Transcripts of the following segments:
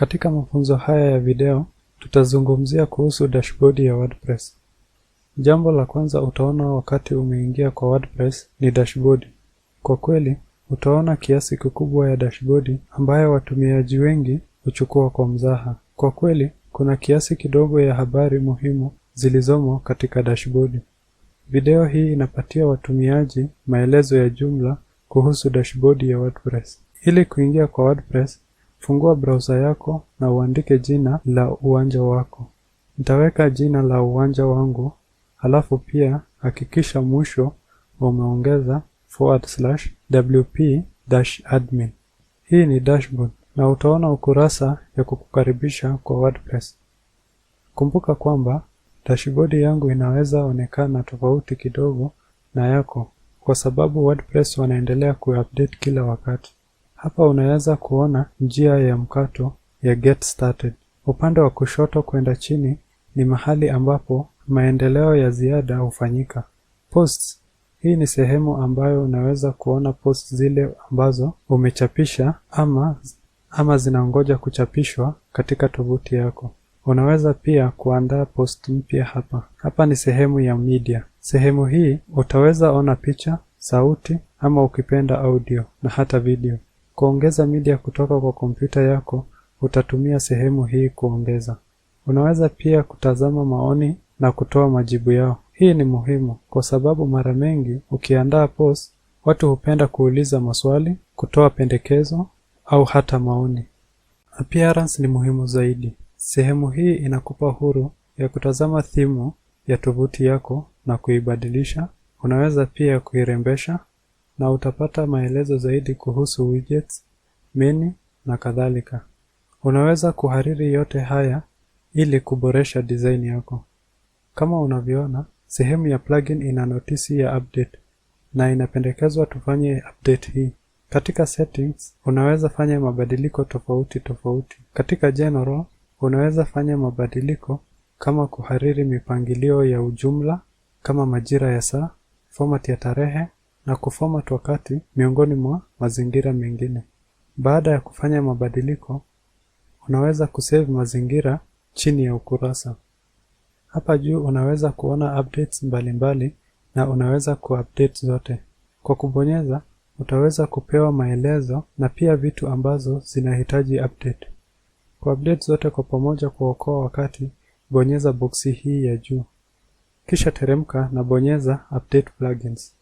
Katika mafunzo haya ya video tutazungumzia kuhusu dashibodi ya WordPress. Jambo la kwanza utaona wakati umeingia kwa WordPress ni dashibodi. Kwa kweli, utaona kiasi kikubwa ya dashibodi ambayo watumiaji wengi huchukua kwa mzaha. Kwa kweli, kuna kiasi kidogo ya habari muhimu zilizomo katika dashibodi. Video hii inapatia watumiaji maelezo ya jumla kuhusu dashibodi ya WordPress. Ili kuingia kwa WordPress, Fungua browser yako na uandike jina la uwanja wako. Nitaweka jina la uwanja wangu, halafu pia hakikisha mwisho umeongeza /wp-admin. Hii ni dashboard na utaona ukurasa ya kukukaribisha kwa WordPress. Kumbuka kwamba dashibodi yangu inaweza onekana tofauti kidogo na yako kwa sababu WordPress wanaendelea kuupdate kila wakati. Hapa unaweza kuona njia ya mkato ya Get Started. Upande wa kushoto kwenda chini ni mahali ambapo maendeleo ya ziada hufanyika. Posts, hii ni sehemu ambayo unaweza kuona posts zile ambazo umechapisha ama, ama zinangoja kuchapishwa katika tovuti yako. Unaweza pia kuandaa post mpya hapa. Hapa ni sehemu ya media. Sehemu hii utaweza ona picha, sauti ama ukipenda audio na hata video. Kuongeza media kutoka kwa kompyuta yako utatumia sehemu hii kuongeza. Unaweza pia kutazama maoni na kutoa majibu yao. Hii ni muhimu kwa sababu mara mengi ukiandaa post, watu hupenda kuuliza maswali, kutoa pendekezo au hata maoni. Appearance ni muhimu zaidi. Sehemu hii inakupa huru ya kutazama thimu ya tovuti yako na kuibadilisha. Unaweza pia kuirembesha na utapata maelezo zaidi kuhusu widgets, menu kadhalika. Unaweza kuhariri yote haya ili kuboresha design yako. Kama unavyoona, sehemu ya plugin ina notisi ya update na inapendekezwa tufanye update hii. Katika settings unaweza fanya mabadiliko tofauti tofauti. Katika general unaweza fanya mabadiliko kama kuhariri mipangilio ya ujumla kama majira ya saa, format ya tarehe na kuformat wakati miongoni mwa mazingira mengine. Baada ya kufanya mabadiliko, unaweza kusave mazingira chini ya ukurasa. Hapa juu unaweza kuona updates mbalimbali na unaweza kuupdate zote. Kwa kubonyeza, utaweza kupewa maelezo na pia vitu ambazo zinahitaji update. Kwa update zote kwa pamoja kuokoa wakati, bonyeza boksi hii ya juu. Kisha teremka na bonyeza update plugins.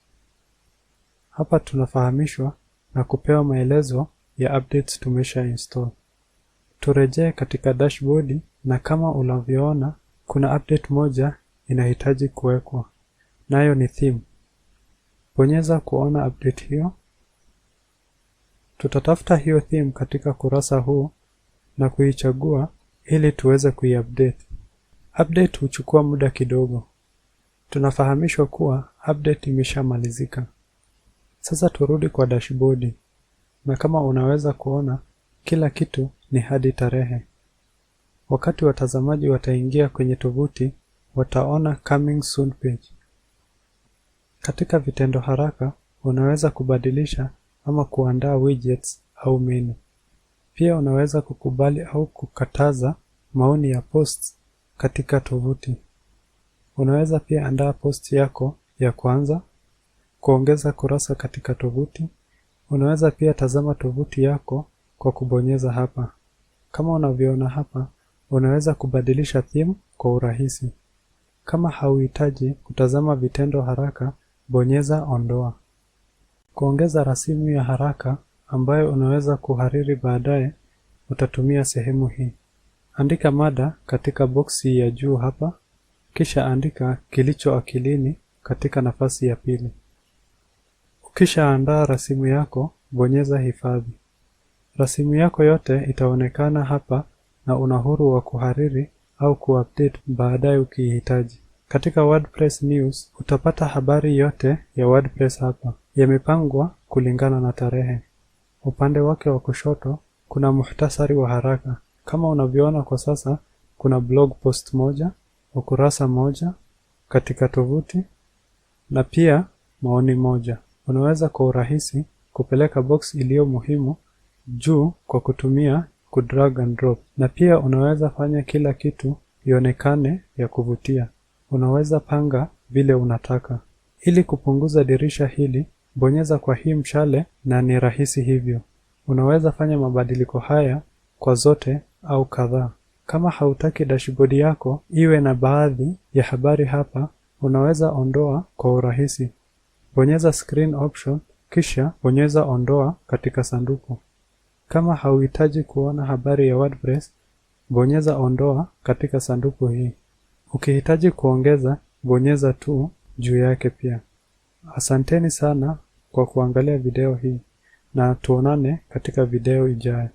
Hapa tunafahamishwa na kupewa maelezo ya updates tumesha install. Turejee katika dashboard na kama unavyoona kuna update moja inahitaji kuwekwa. Nayo ni theme. Bonyeza kuona update hiyo. Tutatafuta hiyo theme katika kurasa huu na kuichagua ili tuweze kuiupdate. Update huchukua muda kidogo. Tunafahamishwa kuwa update imeshamalizika. Sasa turudi kwa dashibodi na kama unaweza kuona kila kitu ni hadi tarehe. Wakati watazamaji wataingia kwenye tovuti wataona coming soon page. Katika vitendo haraka unaweza kubadilisha ama kuandaa widgets au menu. Pia unaweza kukubali au kukataza maoni ya posts katika tovuti. Unaweza pia andaa post yako ya kwanza Kuongeza kurasa katika tovuti. Unaweza pia tazama tovuti yako kwa kubonyeza hapa. Kama unavyoona hapa, unaweza kubadilisha theme kwa urahisi. Kama hauhitaji kutazama vitendo haraka, bonyeza ondoa. Kuongeza rasimu ya haraka ambayo unaweza kuhariri baadaye, utatumia sehemu hii. Andika mada katika boksi ya juu hapa, kisha andika kilicho akilini katika nafasi ya pili. Kisha andaa rasimu yako, bonyeza Hifadhi. Rasimu yako yote itaonekana hapa na una wa kuhariri au kuupdate baadaye ukihitaji. Katika WordPress News utapata habari yote ya WordPress hapa, yamepangwa kulingana na tarehe. Upande wake wa kushoto kuna muhtasari wa haraka. Kama unavyoona kwa sasa, kuna blog post moja, ukurasa moja katika tovuti na pia maoni moja. Unaweza kwa urahisi kupeleka box iliyo muhimu juu kwa kutumia drag and drop na pia unaweza fanya kila kitu ionekane ya kuvutia. Unaweza panga vile unataka. Ili kupunguza dirisha hili, bonyeza kwa hii mshale na ni rahisi hivyo. Unaweza fanya mabadiliko haya kwa zote au kadhaa. Kama hautaki dashibodi yako iwe na baadhi ya habari hapa, unaweza ondoa kwa urahisi. Bonyeza Screen Option kisha bonyeza Ondoa katika sanduku. Kama hauhitaji kuona habari ya WordPress, bonyeza Ondoa katika sanduku hii. Ukihitaji kuongeza, bonyeza tu juu yake pia. Asanteni sana kwa kuangalia video hii na tuonane katika video ijayo.